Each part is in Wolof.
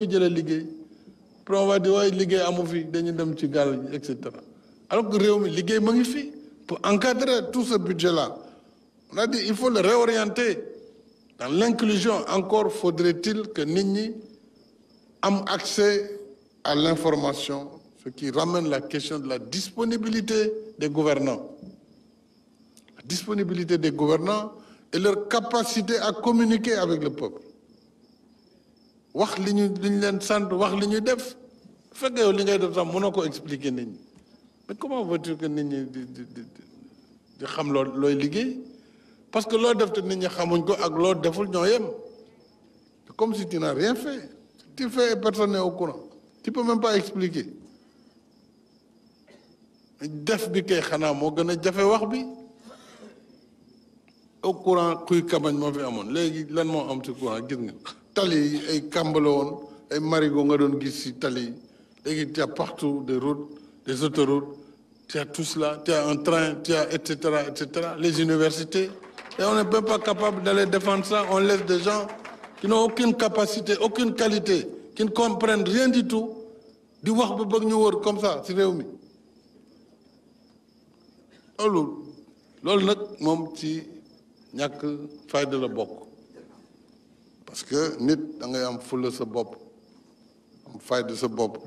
ñu jëlee liggéey pro va di waaye liggéey amu fi dañu dem ci gaal et cetera alors que réew mi liggéey ma ngi fi pour encadrer tout ce budget la on a dit il faut le réorienter dans l'inclusion encore faudrait-il que nit ñi am accès à l'information ce qui ramène la question de la disponibilité des gouvernants la disponibilité des gouvernants et leur capacité à communiquer avec le peuple wax li ñu li ñu leen sant wax li ñu def fekk yow li ngay def sax mënoo ko expliquer nit ñi mais comment veux-tu que nit di di di xam loo looy liggéey parce que loo def te nit ñi xamuñ ko ak loo deful ñoo yem comme si tu n'as rien fait tu fais et personne n'est au courant tu peux même expliquer def bi kay xanaa moo gën a jafe wax bi au courant kuy kabañ moo fi amoon léegi lan moo am ci courant gis nga. tali yi ay kàmbala ay marigot nga doon gis si tali yi léegi tu as partout des routes des autoroutes tu as tout un train tu as et les universités et on ne peut pas capable d'aller défendre ça on laisse des gens qui n'ont aucune capacité aucune qualité qui ne comprennent rien du tout di wax ba bëgg ñu wër comme ça si réew mi loolu loolu nag moom ci ñàkk fayda la bokk parce que nit da ngay am ful sa bopp am fayda sa bop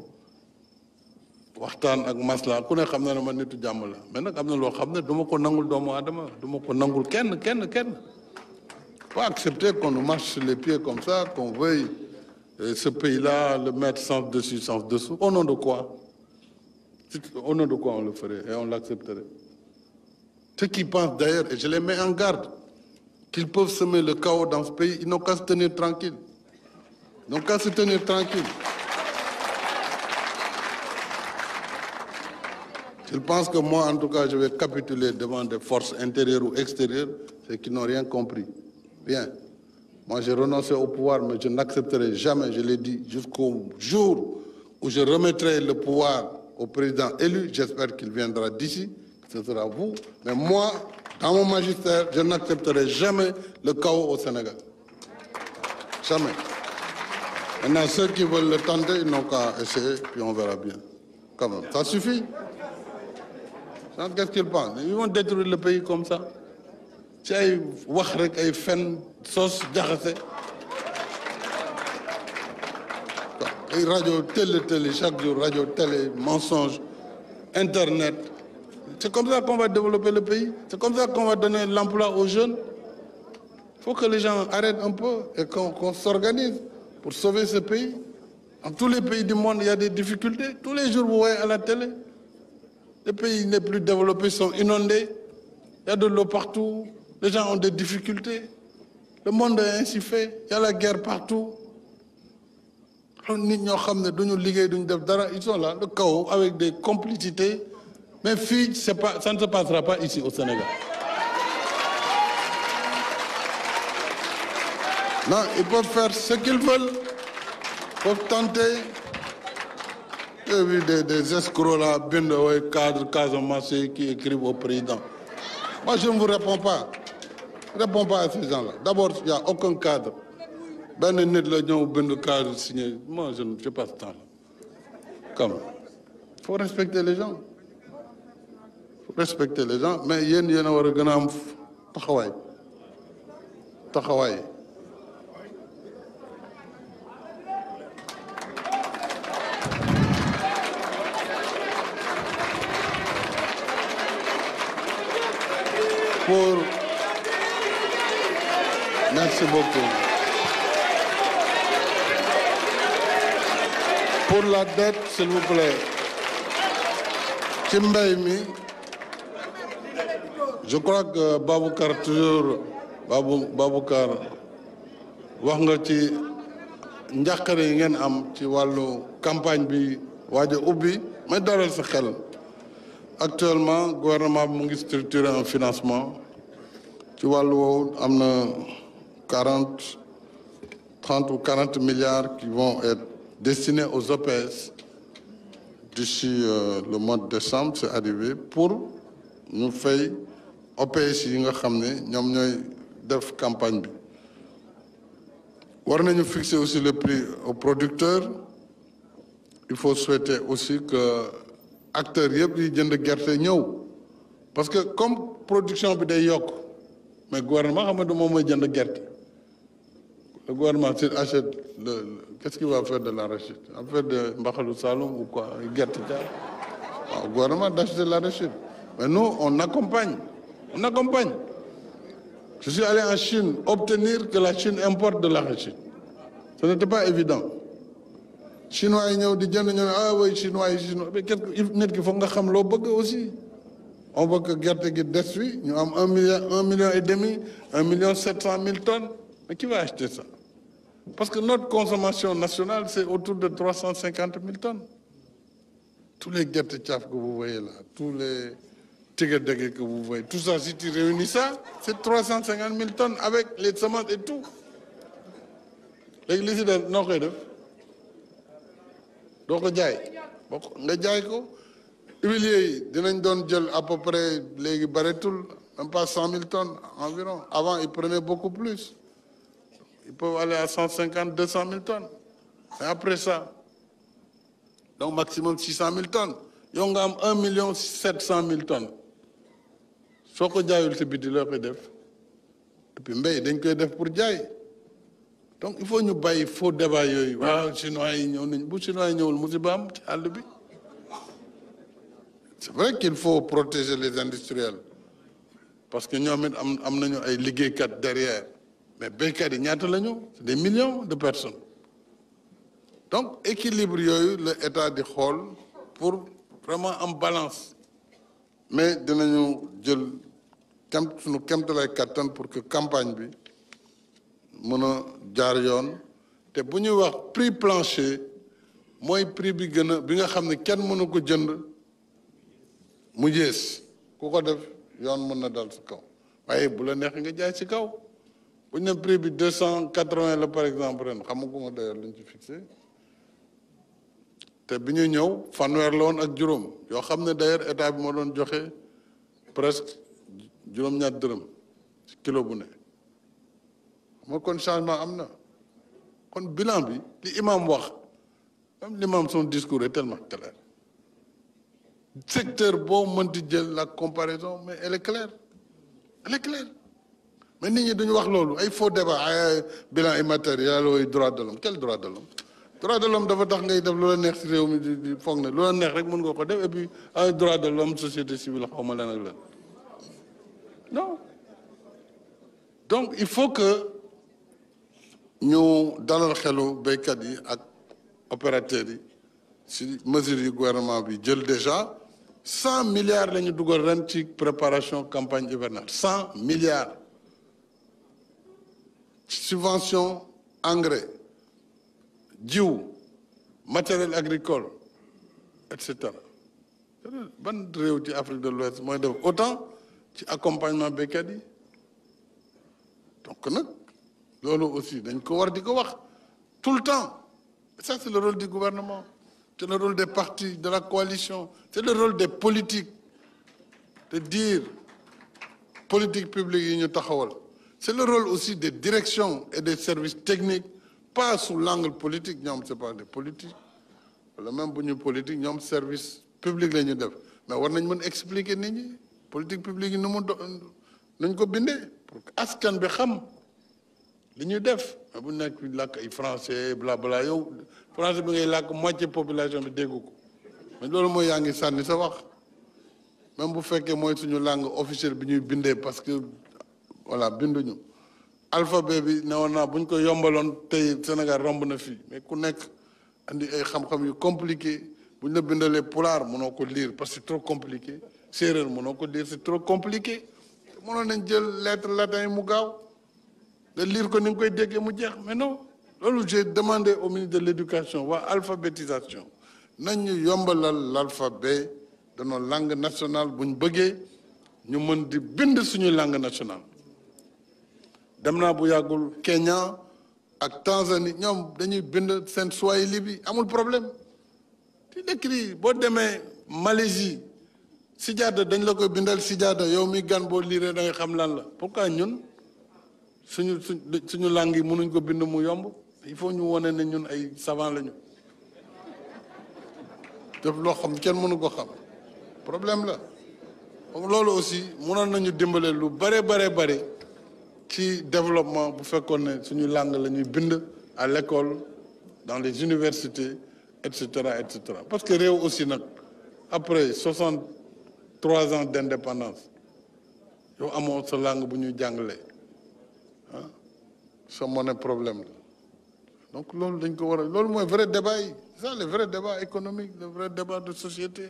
waxtaan ak masla ku ne xam na ne ma nitu jàmm la mais nag am na loo xam ne du ma ko nangul doomu adama du ko nangul kenn kenn kenn pas accepter qu'on nous marche sur les pieds comme ça qu'on veuille euh, ce pays-là le mettre sens dessus sens dessous au nom de quoi au nom de quoi on le ferait et on l'accepterait ceux qui pensent d'ailleurs et je les mets en garde qu'ils peuvent semer le chaos dans ce pays, ils n'ont qu'à se tenir tranquilles. Ils n'ont qu'à se tenir tranquilles. Ils pensent que moi, en tout cas, je vais capituler devant des forces intérieures ou extérieures, c'est qu'ils n'ont rien compris. Bien. Moi, j'ai renoncé au pouvoir, mais je n'accepterai jamais, je l'ai dit, jusqu'au jour où je remettrai le pouvoir au président élu. J'espère qu'il viendra d'ici, que ce sera vous. Mais moi, Dans mon magistère, je n'accepterai jamais le chaos au Sénégal. Jamais. Maintenant, ceux qui veulent le tenter, ils n'ont qu'à essayer, puis on verra bien. Quand Ça suffit. Qu'est-ce détruire le pays comme ça. ci ay wax rek fen sos jaxase ay rajo télé télé chaque jour rajo télé mensonge internet C'est comme ça qu'on va développer le pays. C'est comme ça qu'on va donner l'emploi aux jeunes. Il que les gens arrêtent un peu et qu'on qu s'organise pour sauver ce pays. Dans tous les pays du monde, il y a des difficultés. Tous les jours, vous voyez à la télé, les pays les plus développés sont inondés. Il y a de l'eau partout. Les gens ont des difficultés. Le monde est ainsi fait. Il y a la guerre partout. Ils sont là, le chaos, avec des complicités. Mais fille, pas, ça ne se passera pas ici au Sénégal. Non, ils peuvent faire ce qu'ils veulent. Ils peuvent tenter. J'ai vu des, des, escrocs là, bien de cadres, casamassés, qui écrivent au président. Moi, je ne vous réponds pas. Je réponds pas à ces gens-là. D'abord, il n'y a aucun cadre. Ben, nid le ou ben le cadre signé. Moi, je ne fais pas ce temps-là. Comme. Il faut respecter les gens. respecter les gens mais yéen yéen a war a gën a am taxawaay taxawaay pour merci la dette s'il vous plaît mi je crois que Baboucar toujours Babou Baboucar wax nga ci njàqare yi ngeen am ci wàllu campagne bi waaj a ubbi may dara sa xel actuellement gouvernement mu ngi structuré un financement ci wàllu woowu am na quarante trente ou quarante milliards qui vont être destinés aux OPS d'ici euh, le mois de décembre c'est arrivé pour ñu fay OPS yi nga xam ne ñoom ñooy def campagne bi war nañu fixer aussi le prix au producteur il faut souhaiter aussi que acteurs yëpp yi jënd gerte ñëw parce que comme production bi day yokk mais gouvernement xam nga du moom mooy jënd gerte le gouvernement s'il achète le qu'est-ce qu'il va faire de la en fait de mbaxalu Saloum ou quoi gerte jaar waaw gouvernement d'acheter l'arachide mais nous on accompagne na accompagne. Je suis allé en Chine obtenir que la Chine importe de l'arachide. Ce n'était pas évident. Chinois yi ñëw di jënd ñu ne ah oui Chinois yi Chinois mais quelque foog nga xam loo bëgg aussi on bëgg gerte gi des ñu am un million un million et demi un million sept cent mille tonnes mais qui va acheter ça parce que notre consommation nationale c'est autour de trois cent cinquante mille tonnes tous les gerte caaf que vous voyez là tous les que vous voyez. Tout ça, si tu réunis ça, c'est 350 000 tonnes avec les semences et tout. L'église de Nokhedo. Donc, huiliers yi dinañ doon jël à peu près léegi baretul même pas cent mille tonnes environ avant ils prenaient beaucoup plus ils peuvent aller à cent cinquante deux cent mille tonnes et après ça donc maximum six cent mille tonnes yow nga am un million sept cent mille tonnes soo ko jaayul si biti loo koy def et puis dañ koy def pour jaay donc il faut ñu bàyyi foo débat yooyu waaw chinois yi ñëw nañ bu chinois yi ñëwul musiba baam ci àll bi c'est vrai qu'il faut protéger les industriels parce que ñoom it am am nañu ay liggéeykat derrière mais béykat yi ñaata lañu des millions de personnes donc équilibre yooyu la état di xool pour vraiment am balance mais dinañu jël kem suñu kemtalaay kattan pour que campagne bi mën a jaar yoon te bu ñuy wax prix plancher mooy prix bi gën a bi nga xam ne kenn mënu ko jënd mu yées ku ko def yoon mën na dal si kaw waaye bu la neex nga jaay si kaw bu ñu ne prix bi deux cent quatre-vingt la par exemple ren xamaguma d'ailleurs lu ñu ci fixé te bi ñu ñëw fanweer la ak juróom yoo xam ne d'ailleurs état bi moo doon joxe presque juróom-ñaar dërëm kilo bu ne xam kon changement am na kon bilan bi li imam wax même l'imam son discours est tellement clair secteur boo mënti jël la comparaison mais elle est claire elle est claire mais nit ñi dañu wax loolu ay faux débat ay bilan immatériel yooyu droit de l'homme quel droit de l'homme droit de l'homme dafa tax ngay def lu la neex ci réew mi foog na lu la neex rek mën nga ko def et puis ay droit de l'homme société civile xaw ma lan ak lan non donc il faut que ñu dalal xelu béykat yi ak opérateur yi si mesures yi gouvernement bi jël déjà cent milliards la ñu ren ci préparation campagne hivernale cent milliards subvention engrais jiw matériel agricole et cetera ban réew ci Afrique de l'Ouest mooy def autant ci accompagnement béykat yi donc nag loolu aussi dañ ko war di ko wax tout le temps ça c'est le rôle du gouvernement c'est le rôle des parti de la coalition c'est le rôle des politiques de dire politique publique yi ñu taxawal c'est le rôle aussi des direction et des service techniques pas su l'angle politique ñoom c'est pas de politiques wala même bu ñu politique ñoom service public la ñu def mais war nañ mën expliquer nit ñi politique publique yi nu mu do nuñ ko bindee pour que askan bi xam li ñuy def mais bu nekk làkk ay français bla bla yow français bi ngay làkk moitié population bi dégg ko mais loolu mooy yaa ngi sànni sa wax même bu fekkee mooy suñu langue officielle bi ñuy bindee parce que voilà binduñu alphabet bi ne woon naa bu ñu yombaloon tey Sénégal romb na fii mais ku nekk andi ay xam-xam yu compliqué bu ñu la bindalee pulaar mënoo ko liir parce que c'est trop compliqué séeréer mënoo ko dire c'est trop compliqué mënoon nañ jël lettre latin mu gaaw nga lire ko ni nga koy déggee mu jeex mais non loolu j'ai demandé au ministre de l'éducation waa alphabétisation nañ ñu yombalal l'alphabet de nos langues nationales bu ñu bëggee ñu mën di bind suñu langue nationale dem naa bu yàggul Kenya ak Tanzanie ñoom dañuy bind seen Swahili bi amul problème tu l'écris boo demee Malaisie sijaada dañ la koy bindal sijaada yow mi gan boo da nga xam lan la pourquoi ñun suñu suñu langue yi mënuñ ko bind mu yomb il faut ñu wane ne ñun ay savant lañu def loo xam kenn mënu ko xam problème la loolu aussi mënoon nañu dimbale lu bare bare bare ci développement bu fekkoon ne suñu langue la ñuy bind à lekkool dans les universités et cetera et cetera parce que réew aussi nag après soixante trois ans d'indépendance yow amoo sa langue bu ñuy jàngale ah sa monnaie problème la donc loolu dañ ko war loolu mooy vrai débat yi ça le vrai débat économique le vrai débat de société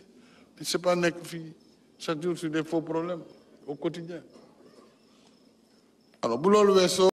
mais c'est pas nekk fii chaque jour sur des faux problèmes au quotidien alors bu loolu weesoo